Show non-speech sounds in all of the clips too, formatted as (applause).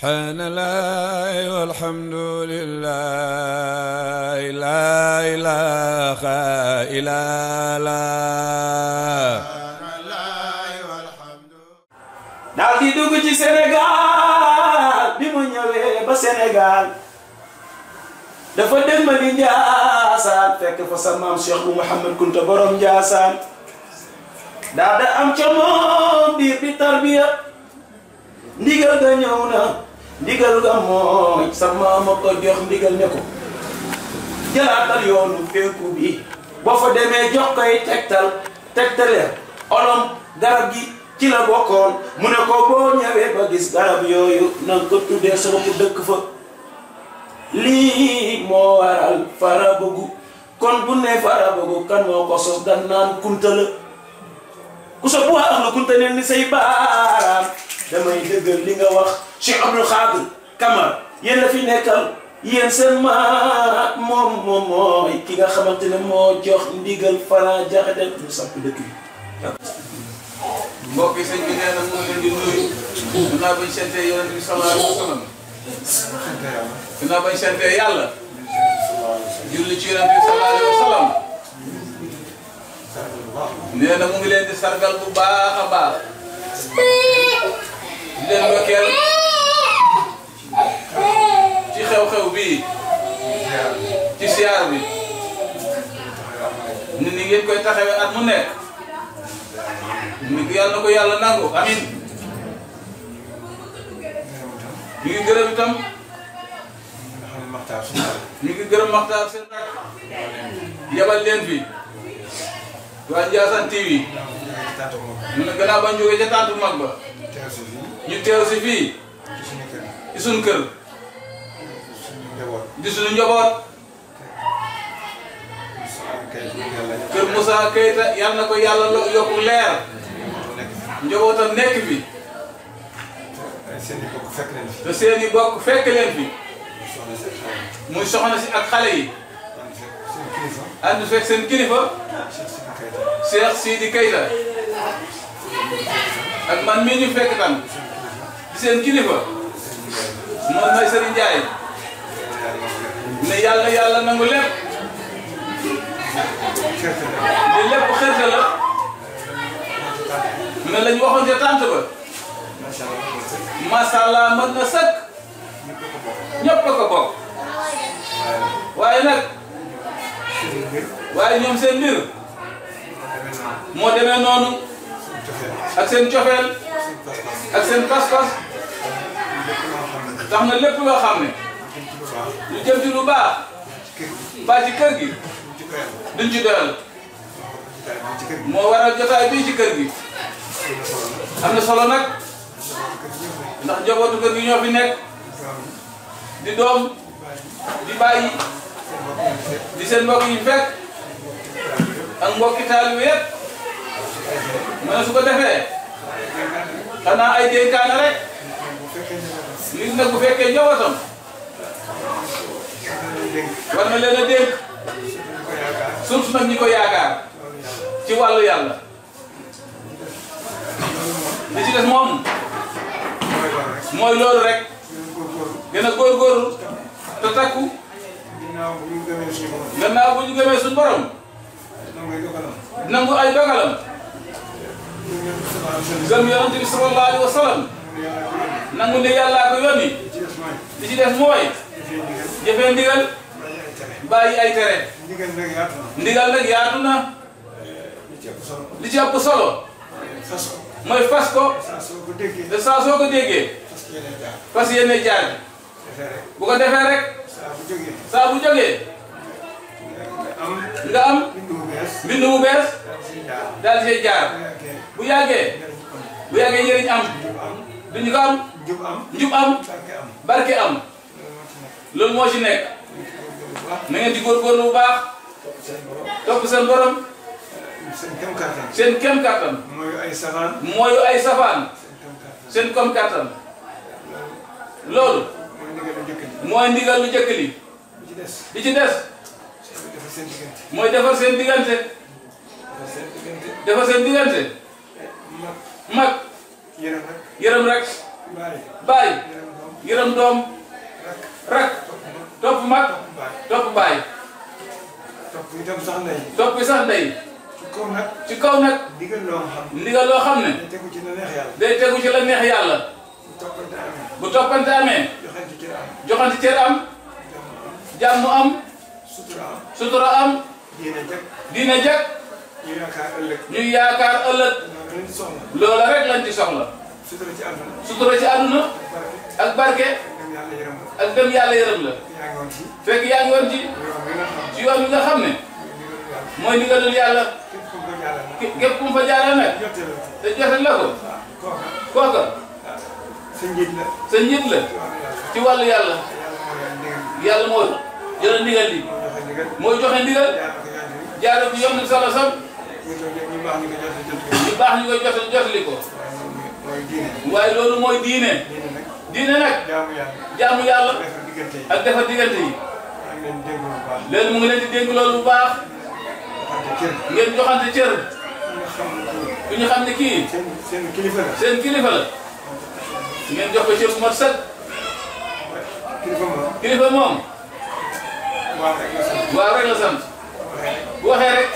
subhaanallaahi walhamdulillaahi laa ilaaha illallaah daal di dugg ci Sénégal bi mu ñëwee ba Sénégal dafa dem ba di Njaasaan fekk fa sa maam Cheikh bu Mouhamed Kunta borom Njaasaan daa da am ca moom biir bi tarbiya ndigal ga ñëw na ndigal nga mooy sama ma ko jox ndigal ne ko jëlaatal yoonu féeku bi boo fa demee jox koy tegtal tegtaleer olom garab gi ci la bokkoon mu ne ko boo ñëwee ba gis garab yooyu nanga ko tuddee sama ko dëkk fa lii moo waral farabugu kon bu ne farabugu kan moo ko sos naan kunta ku so bu waa na kunta ni say baaraam damay deugal li nga wax Cheikh Abdou Khadir Kamara yeen la fi nekkal yeen sen ma mom mom moy ki nga xamantene mo jox ndigal Fara jaxete mu sàkk dëkk bi. mbokk yi bi neena mo mu leen di nuy dinaa bañ sante yonent bi sallallahu alayhi wasallam sallam. dinaa bañ santee yàlla. julli ci yonent bi sallallahu alayhi wasallam neena mo ngi leen di sargal bu baakha baax. di leen ndokkeel ci xew-xew bii ci siyaar bi ni ni ngeen koy taxawee at mu nekk ni yàlla na ko yàlla nangu amin ñu ngi gërëm itam ñu ngi gërëm Maxtaar seen rak yabal leen fi waa Ndiassane TV ñu ne gannaaw ba ñu jógee ca tàntu mag ñu teew si fii. ci suñu kër. di suñu njaboot. kër Moussa Keita yal na ko yàlla yokk leer. njabootam nekk fi. te seen i bokk fekk leen fi. muy soxna si ak xale yi. ànd seen kilifa. Cheikh Sidi Keita. ak man mii ñu fekk tam. seen kilifa moom mooy Serigne Ndiaye ne yàlla yàlla nangu lépp ne lépp xerte la ne lañ waxoon tànt ba masala mën na sëkk ñëpp a ko bokk waaye nag waaye ñoom seen mbir moo demee noonu ak seen cofeel ak seen pas-pas tax na lépp loo xam ne lu jëm ci lu baax ba kër gi duñ ci doyal moo waral jotaay bii ci kër gi am na solo nag ndax njabootu kër gi ñoo fi nekk di doom di bàyyi di seen mbokk yi fekk ak mbokki taalibe yépp mën na su defee xanaa ay dénkaane rek nit nag bu fekkee njabootam war na leen a dénk surtout nag ñi ko yaakaar ci wàllu yàlla li ci des moom mooy loolu rek gën a góorgóorlu te takku gannaaw bu ñu gëmee suñu borom nangu ay dogalam gëm yonent bi sallallahu nangu ne yàllaa ko yónni li ci des mooy jëfee ndigal bàyyi ay tere ndigal nag yaatu na li ci ëpp solo mooy fas ko te saa soo ko déggee fas yéene jaar bu ko defee rek saa bu jógee nga am mbind mu bees daal di jaar bu yàggee bu yàggee njëriñ am. duñu ko am. njub am njub am. barke am. loolu moo ci nekk. na ngeen di góorgóorlu bu baax. topp seen borom. seen kem katam seen kem kattan. mooyu ay safaan. mooyu ay safaan. seen kom kattan. loolu. mooy ndigal lu jëkk li. ci des. mooy defar seen diggante. defar seen diggante. mag. yërëm rek. yërëm rek. baay. yërëm doom. rak topp mag. topp baay. topp bi itam sax ndey. topp bi sax ndey. ci kaw nag. ci loo xam ne. day tegu ci la neex yàlla. day tegu ci la amee. bu toppante am. joxante am. sutura am. sutura am. diine jag. diine jag. ñu ëllëg. loola rek lañ ci soxla. sutura ci àdduna. sutura ci àdduna. ak barke. ak dem yàlla yërëm la. fekk yaa ngi woon ci. ci yoon bi nga xam ne. mooy ndigalul yàlla. képp kum fa jaaree nag. te la ko. kooka. sa njiit la. sa njiit la. ci wàllu yàlla. yàlla moo yore ndigal li. moo joxe ndigal. jaaree ko yoon bi solo ñu baax ñu ko jot a jot ko. ñu baax ñu ko a jotali ko. waaye loolu mooy diine. diine nag. jaamu yàlla. jaamu yàlla. ak defar diggante yi. leen mu ngi leen di dénk loolu bu baax. ngeen joxante cër. bu ñu xam ne kii. seen kilifa la. seen kilifa ngeen jox ko cër bu mat sëkk. moom. kilifa moom. waaw rek bu waxee rek.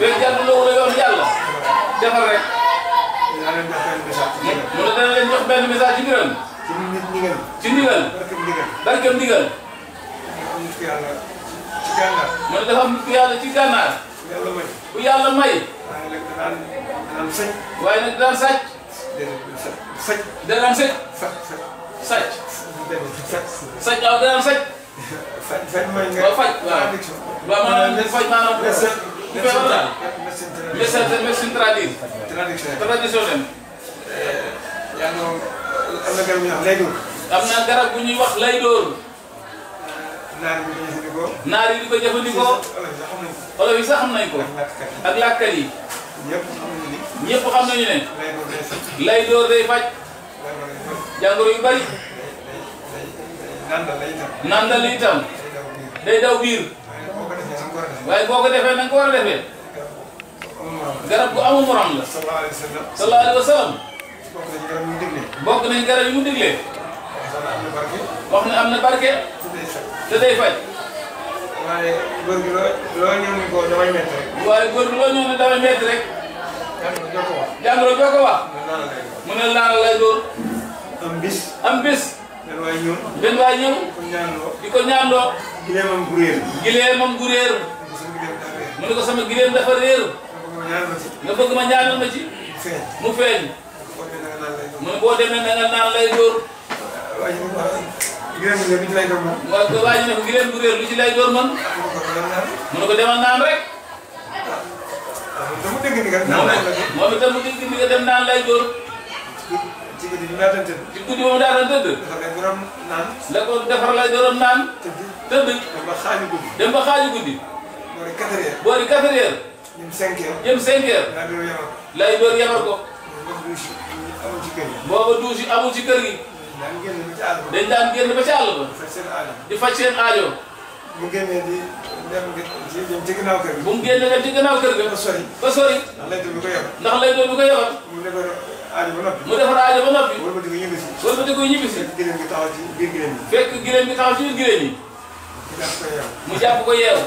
benn jàddu loo wala yoon yàlla. defal rek. mu ne dana leen jox benn message ci ndigal. ci ndigal. barkam ndigal. mu ne dafa am ku yàlla ci gànnaar. bu yàlla may. waaye nag daan sàcc. danaan sàcc. sàcc. sàcc waaw danaan sàcc. faj faj mooy nga. faj waaw waaw maanaam faj maanaam. médecine traditionnelle. traditionnelle. yaa ngi am na garab yu ñuy wax lay dóor. am na garab bu ñuy wax lay dóor. naar yi di ko jëfandikoo. naar yi di ko jëfandikoo. olof yi sax xam nañ ko. ak làkkat yi. ñëpp xam nañu ne. ñëpp xam nañu ne. lay dóor day faj. jàngoro yu bari. nandal la itam day daw biir waaye boo ko defee nanga ko war a defee garab gu amul morom la sallallahu alayhi wa sallam bokk nañ garab mu diglee am na barke te day faj waaye góor gi loo loo ñëw ni ko damay métti rek waaye góor gi loo ko wax mu ne laal lay dóor am den waay ñëw. den waay ñëw. di ko ñaanloo. gileemam gu réer. gileemam gu réer. mu ne ko sama gileem dafa réer. nga bëgg ma mu feeñ. mu ne na nga naan lay dóor. gileem gu réer lu ci gu réer lu ci lay dóor man. mu ne ko demal naan naan lay dóor moom itam mu dégg ni nga dem naan lay dóor. ci guddi bi mu daan tëdd. ci guddi boobu daan tëdd. defar lay doon naan. la ko defar lay doon naan. tëdd tëdd. dem ba xaaju guddi. dem ba xaaju guddi. boori 4 heures. boori 4 heures. jëm 5 heures. jëm 5 heures. lay doon yamal. lay doon yamal ko. booba douche yi amul ci kër gi. dañ daan génn ba ci àll ba. di faj seen aajo. mu génnee di dem dem ci ginnaaw kër gi. bu mu génnee dem ci ginnaaw kër gi. ba sori. ba sori. ndax lay doon bi ko yebal. ndax lay doon bi ko yebal. mu ne ko aajo ba noppi. mu defar aajo ba noppi. wala ba di ko ñibbisi. wala ba di ko ñibbisi. fekk gileem gi taxaw ci biir gileem yi. fekk gileem gi taxaw ci biir gileem yi. mu jàpp ko yeewu.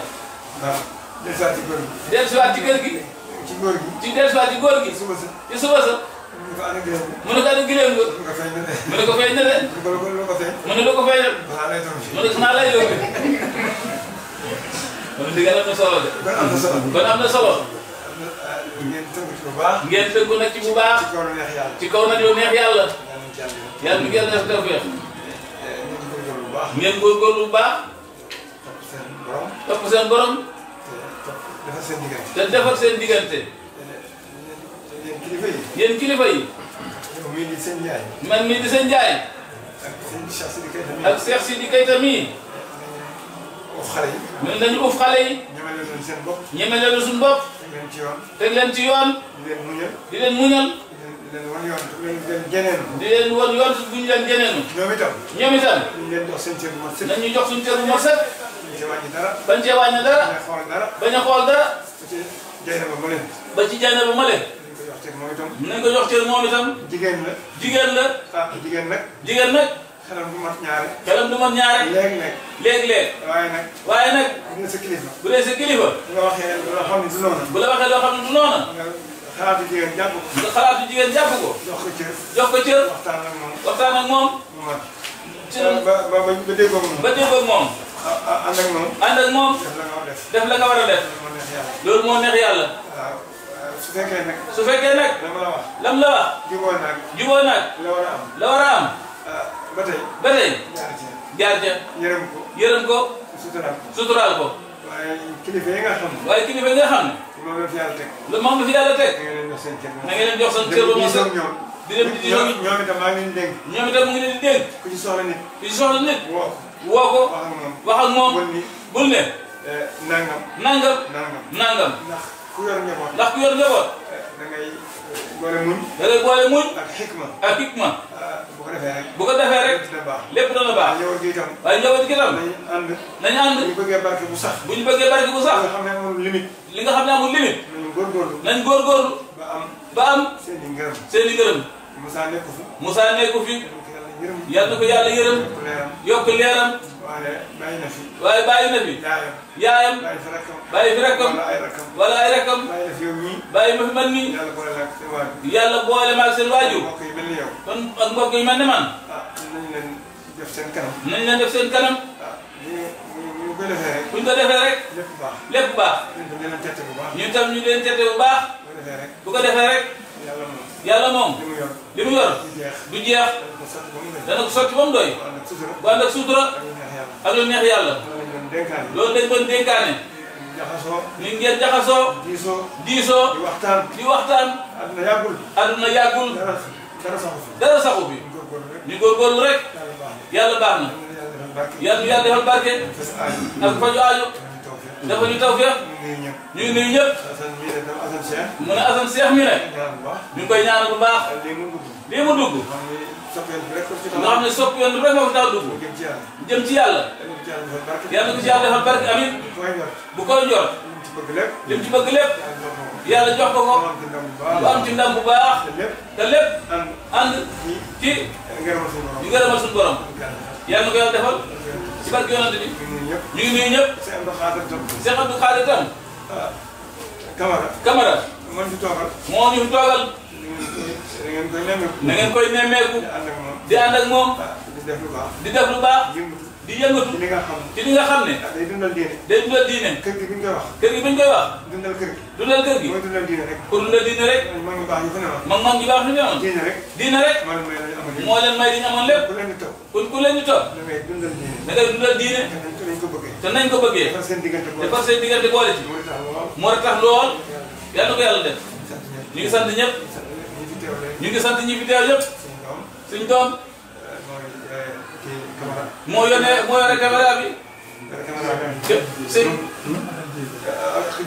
waaw dellusiwaat ci góor gi. dellusiwaat ci kër gi. ci góor gi. ci dellusiwaat ci góor gi. suba sa ci suba sa. mu ne ko ànd gileem nga. mu ne ko ànd gileem nga. mu ne ko feeñ na de. mu ne ko feeñ na de. mu ne ko feeñ na. mu ne xanaa lay doon fi. mu ne xanaa lay doon fi. (laughs) kon am na solo de. kon am na solo. ngeen tënku ci bu baax ngeen tënku nag ci bu baax ci kaw neex yàlla ci kaw nag lu neex yàlla yàlla ngeen def tawfeex ngeen góorgóorlu bu baax topp seen borom defar seen diggante te defar seen diggante yéen kilifa yi mii di seen jaay man mii di seen jaay ak Cheikh Sidi Keita mii uf xale yi mën nañu uf xale yi ñemele leen seen bopp ñemele leen suñu bopp ci yoon. teg leen ci yoon. di leen muñal. di leen muñal. di leen wan yoon bu ñu leen jeneenu. di leen wan yoon bu ñu leen jeneenu. ñoom itam. ñoom itam. nañ leen jox seen cër bu mat sëkk. ñu jox suñu dara. bañ cee xool dara. bañ a xool dara. ba ci jayna ba ma leen. ba ci jayna ba ma leen. nañ ko jox cër moom itam. nañ ko jox cër moom itam. jigéen la. jigéen la. ah jigéen nag. jigéen nag. xelam du mat ñaare. xelam du mat ñaare. léeg-léeg. léeg-léeg. waaye nag. waaye nag. bu dee sa kilifa. bu dee sa kilifa. bu la waxee loo xam ne du noona. bu la waxee loo xam ne du noona. xalaatu jigéen jàpp ko. nga xalaatu jigéen jàpp ko. jox ko cër. jox ko cër. waxtaan ak moom. waxtaan ak moom. ba ba ba déggoo ak moom. ba la nga war a def. def la nga war a def. loolu moo yàlla. su fekkee nag. su fekkee nag. lam la wax. la wax. juboo naag. juboo naag. la war a am. la war a am. Ah, ba tey ba tey. jaar ca yërëm ko yërëm ko. suturaal ko suturaal ko. waaye kilifa yi nga xam ne. waaye kilifa yi nga xam ne. moom la fi yàlla teg. lu moom la fi yàlla teg. na ngeen jox seen cër ba seen ñoom. di leen di ñoom ñoom itam maa ngi leen di dénk. ñoom itam mu ngi leen di dénk. ku ci soxla nit. ku ci soxla nit. woo ko woo ko. wax ak moom bul ne. Eh, nangam. nangam nangam. ndax ku yor njaboot. ndax ku yor njaboot. Eh, da ngay. boole muñ. da ngay boole muñ. ak xikma ak xikma. Ah, bu ko defee rek. bu ko defee rek lépp dana baax. waaye njaboot gi tam. nañu ànd. nañu ànd bu ñu bëggee barke bu sax. bu ñu bëggee barke bu sax. li nga xam ne amul limite. li nga xam ne amul limite. nañu góorgóorlu. nañu góorgóorlu. ba am. ba am seen i ngërëm. seen i ngërëm. Moussa nekku fi. Moussa nekku fi. yàlla na ko yàlla yërëm. yokk leeram. waaye bàyyi na fi. waaye bàyyi na fi. yaayam. yaayam bàyyi fi rakkam. bàyyi fi rakkam. wala ay rakkam. wala ay rakkam. bàyyi na fi yow mii. bàyyi ma fi man nii. yàlla boole ma ak seen waajur. yàlla boole ma ak seen waajur. mbokk yi mel ni yow. Ah, leen def seen kanam. nañ leen def ah, ko defee rek. bu ñu ko defee rek. lépp baax lépp tam ñu leen tette bu baax. ñun tam tette bu baax. bu ko defee rek. bu ko defee rek. yàlla moom li mu yor du jeex dana ko sotti ba mu doy bu ànd ak sutura ak lu neex yàlla loolu dañ doon dénkaane ni ngeen jaxasoo diisoo di waxtaan àdduna yàggul dara saxu bi ñu góorgóorlu rek yàlla baax na yàlla yàlla defal barke ak faju aajo dafa ñu taw fépp. ñu ngi nuyu ñëpp. mu ne Assane Cheikh mi ne. ñu ngi koy ñaanal bu baax. lii mu dugg. nga xam ne soppi yoon bi rek moo fi taw dugg. jëm ci yàlla. yàlla ko ci yàlla defal barke amin. bu koy jor. lim ci bëgg lépp. yàlla jox ko ko. bu am ci ndam bu baax. te lépp ànd ci. ñu ngërëmal suñu borom. yàlla na ko yàlla defal ci barke yonante bi. ñëpp. ñu ngi nuyu ñëpp. Cheikh Abdou Khadir tam. Cheikh Abdou tam. Euh, Camara. Camara. moo ñu toogal. moo ñu ngeen koy nemmeeku. na ngeen koy nemmeeku. di ànd ak di def lu baa di yëngatu. ci li nga xam ne ci li nga xam ne. day dundal diine. day dundal diine. kër gi bi ñu koy wax. kër gi bi ñu koy wax. dundal kër gi. dundal kër gi. mooy dundal diine rek. pour dundal diine rek. mag ñu baax ñu fi ne woon. mag mag ñu baax ñu fi ne woon. diine rek. diine rek. moo leen may li ñu amoon lépp. ku leen di toog. kon ku leen di toog. da ngay dundal diine. da ngay dundal diine. te nañ ko bëggee. te nañ ko bëggee. defar seen diggante boole ci defar seen diggante boole ci. moo tax lool. yal na ko yàlla def. ñu ngi sant ñëpp. ñu ngi sant ñi fi teew yëpp. suñ doom moo yónnee moo ma caméra bi. jë sëñ.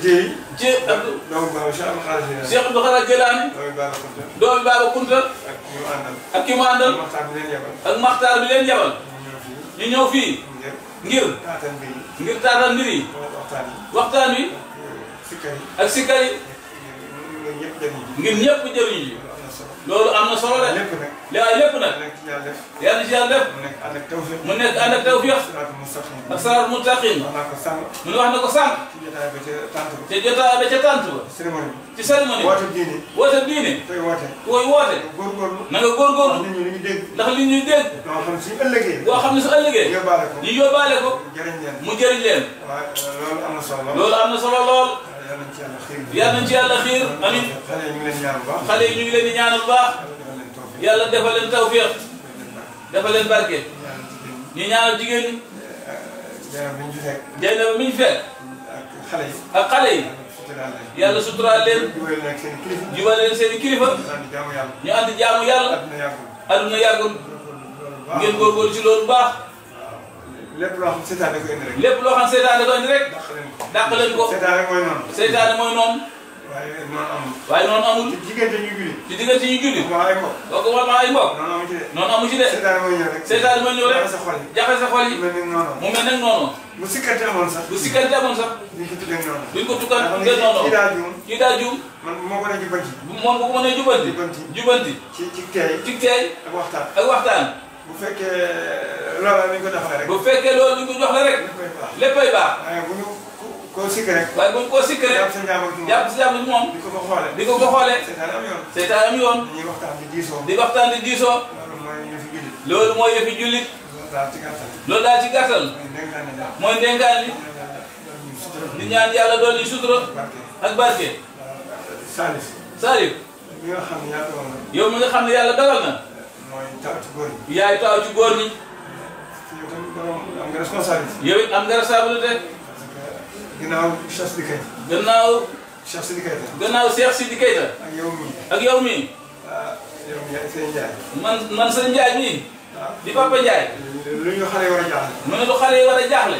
Jéy. Jéy Abdou. doomu Baaba Cheikh Abdou Khadre Jëlaani. doomu Baaba Kunta. ak ki mu àndal. ak maxtaar bi leen yabal. ñu ñëw fii. ngir. ngir taataan mbir yi. waxtaan wi. ak eh, sikkar ngir ñëpp jëriñu ji. loolu am na solo لا ألفنا يا ألف يا ألف من التوفيق من التوفيق أكثر المتقين من واحد القسام تجي تا بيجي تانتو تسلمني واجب ديني واجب ديني طيب، واجب هو واجب غور غور نعم غور غور نخلي نيجي ديد نخلي نيجي ديد نخلي نيجي ديد يو بالك مو جري لين آه، لول أنا صلى الله يا من جاء الأخير يا من جاء الأخير أمين خلي نيجي لين يا الله خلي نيجي لين يا الله yàlla defal leen tawfiq defal leen barke ñu ñaanal jigéen ñi. Jaynaba mi ñu ak xale yi. ak xale yi. yàlla suturaal leen. jubale leen seen kilifa. jubale leen seen kilifa. ñu ànd jaamu yàlla. aduna yàggul. ngeen góorgóorlu ci loolu baax. lépp loo xam seytaane da koy rek. lépp loo xam seytaane leen ko dàq mooy noonu. waaye noonu amul. waaye noonu amul. ci diggante ñu julli. ci diggante ñu julli. waaw ay mbokk. donc war naa ay mbokk. noonu amu ci de. noonu amu ci de. seetaan mooy ñëw rek. seetaan mooy ñëw rek. jafe sa xol yi. jafe sa xol yi. mu mel ni noonu. mu mel nag noonu. bu sikkante amoon sax. bu sikkante amoon sax. duñ ko tuddee noonu. duñ ko tukkal tuddee noonu. kii daa juum. kii daa juum. man moo ko ne jubanti. moom bu ko mënee jubanti. jubanti jubanti. ci ci teey. ci teey. ak waxtaan ak waxtaan. bu fekkee eh, loolu la ñu ko jox la rek. bu fekkee loolu ñu ko jox la rek. léppay baax léppay baax. koo sikk rek waaye buñ koo sikk rek jàpp sa njàmbur bi moom di ko ko xoolee di ko seetaan am yoon seetaan am yoon di waxtaan di diisoo di waxtaan di diisoo loolu mooy yëfi jullit loolu daal ci gàttal mooy ndénkaan li di ñaan yàlla doon li sutura ak barke euh, Salif Salif yow mi nga xam ne yàlla dalal na yaay taaw ci góor ñi yow it am gannaaw Cheikh Sidi Keita. gannaaw. Cheikh Sidi Keita. gannaaw Cheikh Sidi Keita. ak yow mii. ak yow mii. ah yow Ndiaye sëñ Ndiaye. man man sëñ Ndiaye mii. Ah. di Papa Ndiaye. lu ñu xale yi war a jaaxle. mu ne lu xale yi war a jaaxle.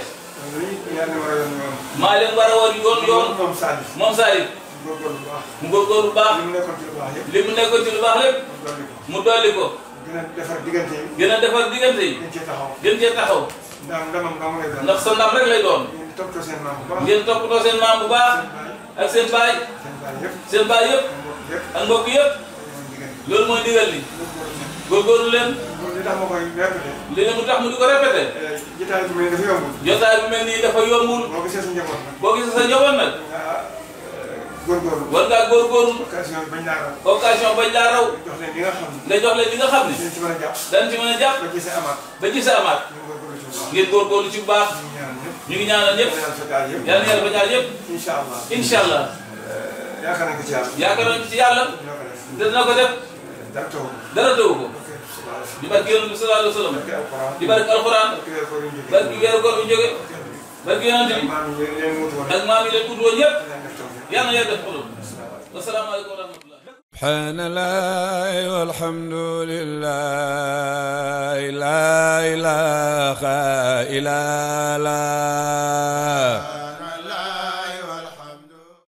maa leen war a war yoon yoon. moom Salif moom Salif. mu góorgóorlu bu baax. li mu nekkoon ci lu baax lépp. mu dolli ko. gën a defar diggante yi. gën a defar diggante yi. gën cee taxaw gën cee taxaw. ndax ndamam rek lay doon. ngeen top maam sen mam bu baax. ak sen bay sen bay yep seen baay yëpp. ak mbokk yëpp. loolu mooy ndigal li. li tax koy li mu tax mu di ko jotaay bu melni dafa yomul bo gis sa njaboot nak boo gisee sa njaboot war ngaa góorgóorlu. occasion bañ laa raw. occasion bañ laa raw. nga ne. jox le li nga xamni dañ ci mëna japp ci ba ci bu ñu ngi ñaanal ñëpp yal na yàlla ba ñaar ñëpp. incha allah incha allah. yaakaar nañ ko ci yàlla. yaakaar nañ ko ci yàlla. dina def. dara taw ko dara taw ko. di barke yonent bi sallallahu alayhi wa sallam. di barke alxuraan. barke weeru koor bu jóge. barke yonent bi ak maam yi leen wutu woon ñëpp. na سبحان الله والحمد لله لا إله إلا الله